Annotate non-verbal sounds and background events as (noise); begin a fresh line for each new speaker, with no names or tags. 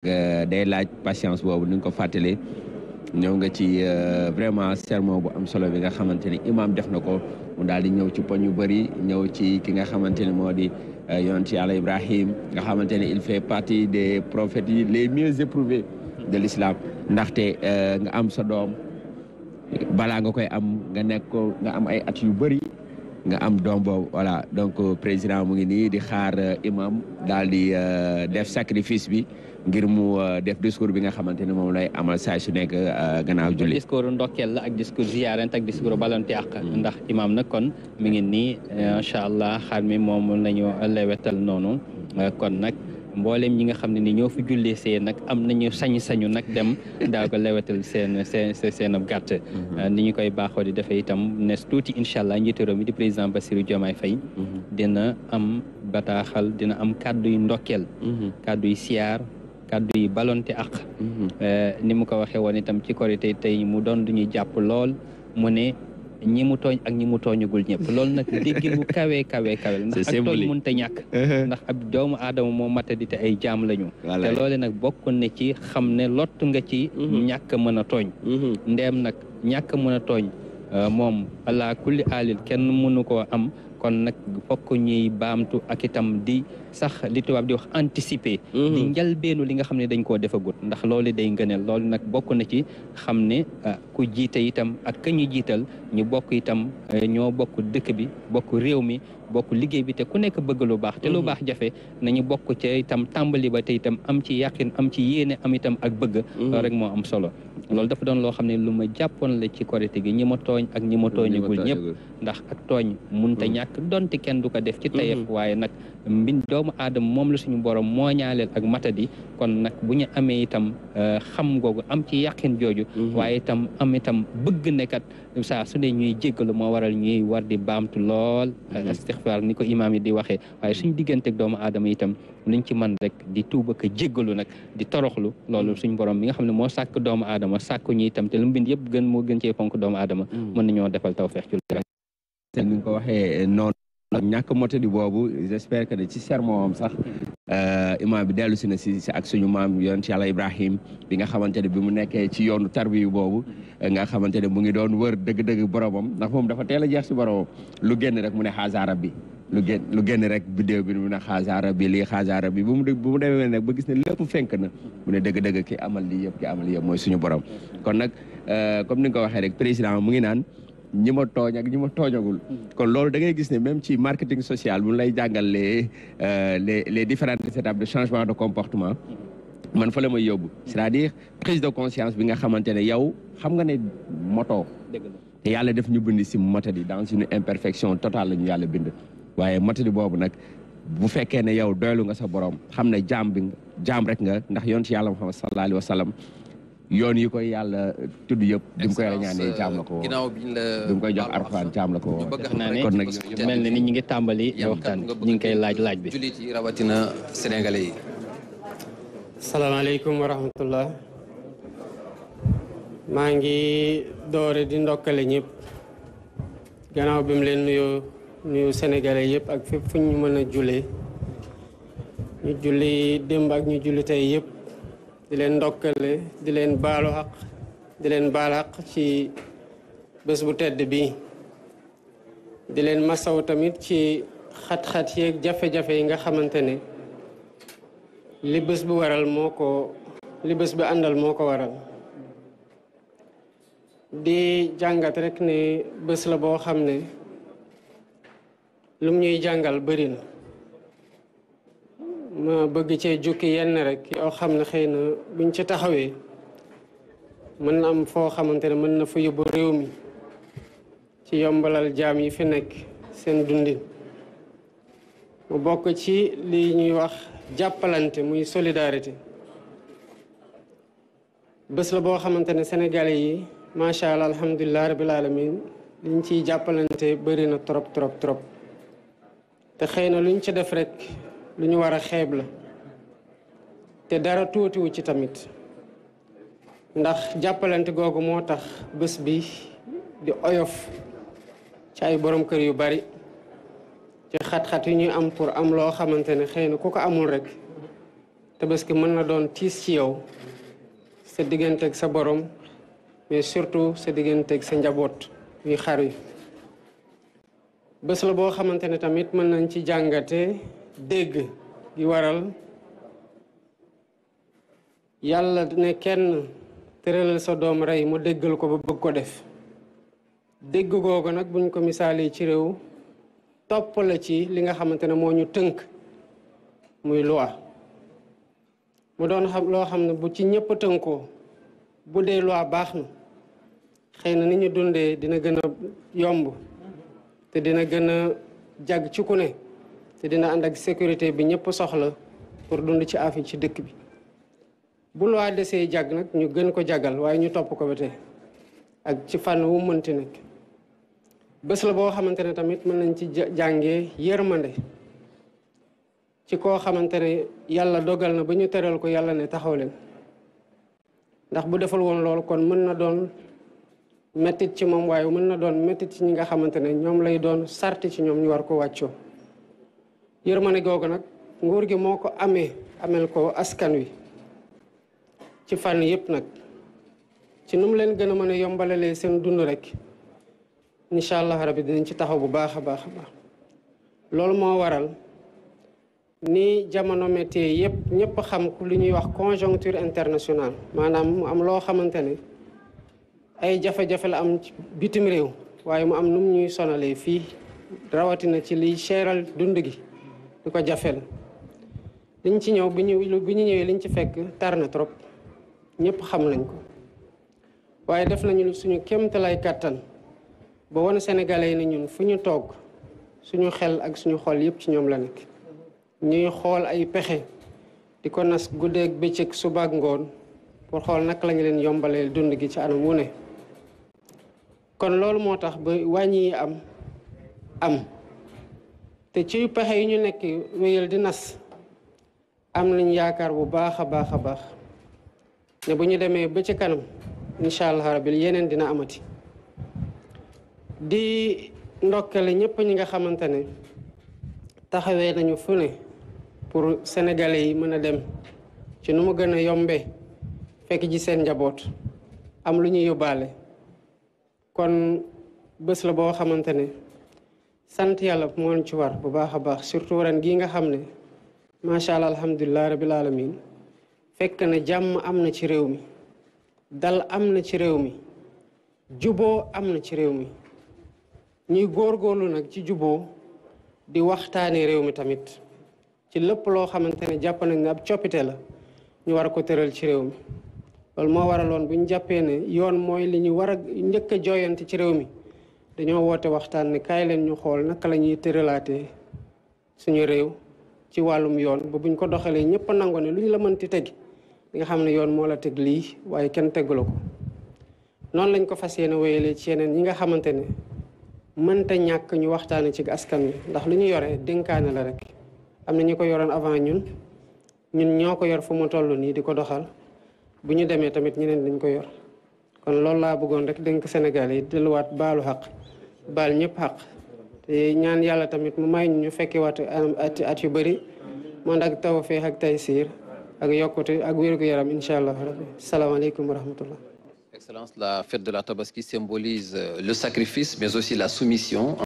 Euh, day laaj patience boobu ni nga ko fàttalee ñëw nga ci euh, vraiment sermon bu am solo bi nga xamante ni imaam def na ko mu daal di ñëw ci poñ yu bëri ñëw ci ki nga xamante ni moo di euh, yonent yàlla Ibrahim nga xamante ni il fait partie des prophètes yi les mieux éprouvés de l'islam ndaxte nga am sa doom balaa nga koy am nga nekk ko nga am ay at yu bëri nga am doom boobu voilà donc président mu ngi nii di xaar imam daal di def sacrifice bi ngir mu euh, def discours bi nga xamante ne moom lay amal saa su nekk euh, gannaaw julli discours ndokkeel la ak discours
ziyaarante ak discours balonte ak mm. ndax imaam nag kon mi ngi nii euh, incha allah xar moom la ñu lewetal noonu kon nag mboolem ñi nga xam ne ni ñoo fi julle see nag am nañu sañ-sañu nag dem (laughs) daa ko lewetal seen seen seen ab gàtt mm-hmm. ni ñu koy baaxoo di defee itam nes tuuti incha allah njiitu réew mi di président Bassirou Diomaye Faye mm-hmm. dina am bataaxal dina am kàddu yu ndokkeel mm-hmm. kàddu siyaar kàddu yi balonte ak mm-hmm. eh, ni mu ko waxee woon itam ci korité tey mu doon duñu jàpp lool mu ne ñi mu tooñ ak ñi mu tooñagul ñëpp lool nag dégg mu kawee kawee kawe ndax ak tooñ mënut ñàkk uh-huh. ndax ab doomu aadama moo matadi te ay jaam lañu te loole nag bokk na ci xam ne lott nga ci mm-hmm. ñàkk mën a tooñ mm-hmm. ndeem nag ñàkk mën a tooñ Euh, moom ala kulli alil kenn mënu koo am kon nag bokk ñuy baamtu ak itam di sax li tubaab di wax anticiper. Mhm. di njalbeenu li nga xam ne dañ koo defagut ndax loole day ngëneel loolu nag bokk na ci xam ne euh, ku jiita itam ak ka ñu jiital ñu bokk itam euh, ñoo bokk dëkk bi bokk réew mi bokk liggéey bi te ku nekk bëgg lu baax te lu mhm. baax jafe nañu bokk ca itam tàmbali ba te itam am ci yàqin am ci yéene am itam ak bëgg mhm. loolu rek moo am solo loolu dafa doon loo xam ne lu ma jàppoon la ci korite gi ñi ma tooñ ak ñi ma tooñagul ñëpp ndax ak tooñ mun ta mhm. ñàkk donte kenn du ko def ci tayef waaye nag mbind doomu aadama moom la suñu borom moo ñaaleel ak matadi kon nag bu ñu amee itam euh, xam ngoogu am ci yàqin jooju mm-hmm. waaye itam am itam bëgg nekkat saa su ne ñuy jéggalu moo waral ñuy war di baamtu lool mm-hmm. istixfaar ni ko imaam yi di waxee waaye suñu digganteeg doomu aadama itam luñ ci man rek di tuub ak jéggalu nag di toroxlu loolu mm-hmm. suñu borom mi nga xam ne moo sàkk doomu aadama sàkku ñu itam te lu mbind yëpp gën moo gën cee ponk doomu
aadama mën nañoo defal tawfeex ci ak ñàkk motadi boobu j'espère que ci sermon am sax euh, imaam bi dellu si na si ak suñu maam yonent yàlla Ibrahim bi nga xamante ne bi mu nekkee ci yoonu tarbiyu boobu nga xamante ne mu ngi doon wër dëgg-dëgg boromam ndax moom dafa teel a jeex si boromam lu génn rek mu ne xaasaara bi lu génn lu génn rek bidéew bi nu mu ne xaasaara bi lii xaasaara bi bu mu bu mu demee nag ba gis ne lépp fenk na mu ne dëgg-dëgg ki amal lii yëpp ki amal lii mooy suñu borom kon nag euh, comme ni nga ko waxee rek président mu ngi naan ñi ma tooñ ak ñi ma tooñagul hmm. kon loolu da ngay gis ne même ci marketing social bu lay jàngal les euh, les les différentes étapes de changement de comportement hmm. man fa la may yóbbu c'est-à-dire prise de conscience bi nga xamante ne yow xam nga ne moto te yàlla def ñu bind si motadi dans une imperfection totale la ñu yàlla bind waaye motadi boobu nag bu fekkee ne yow doylu nga sa borom xam ne jaam bi jaam rek nga ndax yoon ci yàlla Muhammad sallallahu alayhi wa yoon yi koy yàlla tudd yëpp. bi mu koy rañaane caam la euh, ko woo bi mu koy jox arfaan caam la ko woo. kon nag mel ni ñu ngi tàmbali waxtaan
ñu ngi koy laaj laaj bi. rawatina sénégalais yi. salaamaaleykum wa rahmatullah. maa ngi doore di ndokkale ñëpp. gannaaw bi mu leen nuyoo nuyu sénégalais yëpp ak fépp fu ñu mën a jule ñu julli démb ak ñu julli tey yëpp. di leen ndokkale di leen baalu xaq di leen baal xaq ci bés bu tedd bi di leen masaw tamit ci xat-xat yeeg jafe-jafe yi nga xamante ne li bés bu waral moo ko li bés bi àndal moo ko waral di jàngat rekk ne bés la boo xam ne lum ñuy jàngal bari na ma bëgg cee jukki yenn rek yoo xam ne xëy na lu buñ ci taxawee mën na am foo xamante ne mën na fa yóbbu réew mi ci yombalal jaam yi fi nekk seen dundin mu bokk ci li ñuy wax jàppalante muy solidarité bés la boo xamante ne sénégalais yi macha allah alhamdulilah rabil alamin liñ ciy jàppalante bëri na trop trop trop te xëy na luñ ci def rek lu ñu war a xeeb la te dara tuutiwu ci tamit ndax jàppalante googu moo tax bés bi di oyof ci ay boroom kër yu bari ci xat-xat yu ñuy am pour am loo xamante ne xëy na ku ko amul rek te bés ki mën na doon tiis ci yow sa digganteeg sa boroom mais surtout sa digganteeg sa njaboot yu xar yi bés la boo xamante tamit mën nañ ci jàngate dégg gi waral yàlla ne kenn tëralal sa doom rey mu déggal ko ba bëgg ko def dégg googu nag buñ ko misaalee ci réew topp ci li nga xamante ne moo ñu tënk muy loi mu doon xam loo xam ne bu ci ñëpp tënkoo bu dee loi baax na xëy na ni ñu dundee dina gën a yomb te dina gën a jàgg ci ku ne te dina ànd ak sécurité bi ñëpp soxla pour dund ci affaire ci dëkk bi bu loi desee jàgg nag ñu gën ko jàggal waaye ñu topp ko ba tey ak ci fànn wu mënti nag bés la boo xamante ne tamit mën nañ ci jàngee yërmande ci koo xamante ne yàlla dogal na ba ñu teral ko yàlla ne taxaw leen ndax bu defal woon loolu kon mën na doon mettit ci moom waaye mën na doon mettit ci ñi nga xamante ne ñoom lay doon sarti ci ñoom ñu war ko wàccoo yërmande googu nag nguur gi moo ko amee ameel ko askan wi ci fànn yëpp nag ci nu leen gën a mën a lee seen dund rek incha allah rabi dinañ ci taxaw bu baax a baax a loolu moo waral ni jamono métier yëpp ñëpp xam lu ñuy wax conjoncture internationale maanaam mu am loo xamante ne ay jafe-jafe la am ci bitim réew waaye mu am nu mu ñuy sonalee fii rawatina ci liy seeral dund gi. du ko jafeel liñ ci ñëw bi ñu bi ñu ñëwee liñ ci fekk tar na trop ñëpp xam nañ ko waaye def nañu suñu kéemtalaay kàttan ba wone sénégalais ni ne ñun fu ñu toog suñu xel ak suñu xool yëpp ci ñoom la nekk ñuy xool ay pexe di ko nas guddeeg bëccëg suba ak ngoon pour xool naka lañu leen yombalee dund gi ci anam wu ne kon loolu moo tax ba wàññi am am te ci pexe yi ñu nekk wéyal di nas am nañ yaakaar bu baax a baax a baax bu ñu demee ba ci kanam incha allah rabil yeneen dina amati di ndokkale ñëpp ñi nga xamante ne taxawee nañu fu ne pour sénégalais yi mën a dem ci nu mu gën a yombee fekk ci seen njaboot am lu ñuy yóbbaale kon bés la boo xamante ne. sant yàlla moo ci war bu baax a baax surtout ren gii nga xam ne macha allah alhamdulilah rabil alamin fekk ne jàmm am na ci réew mi dal am na ci réew mi juboo am na ci réew mi ñuy góorgóorlu nag ci juboo di waxtaanee réew mi tamit ci lépp loo xamante ne jàpp nañ ne ab coppite la ñu war ko tëral ci réew mi loolu moo waraloon bu ñu jàppee ne yoon mooy li ñu war a njëkk a jooyante ci réew mi. dañoo woote waxtaan ne kaay leen ñu xool naka la ñuy tëralaatee suñu réew ci wàllum yoon ba buñ ko doxalee ñëpp nangu nango ne lu ñu la mënti tegi li nga xam ne yoon moo la teg lii waaye kenn tegula ko noonu lañ ko fas yéene wéyalee ci yeneen ñi nga xamante ne mënta ñàkk ñu waxtaane ci askan wi ndax lu ñu yore dénkaane la rek am na ñu ko yoroon avant ñun ñun ñoo ko yor fu mu toll nii di ko doxal bu ñu demee tamit ñeneen dañ ko yor kon loolu laa bëggoon rek dénk Sénégal yi delluwaat baalu xaq baal ñëpp xaq te ñaan yàlla tamit mu may ñu fekkewaat at at yu bëri man ak tawfeex ak taysiir ak yokkute ak wér-gu-yaram incha allah rabbi salaamaaleykum wa rahmatullah Excellence, la fête de la Tabaski symbolise euh,
le sacrifice, mais aussi la soumission.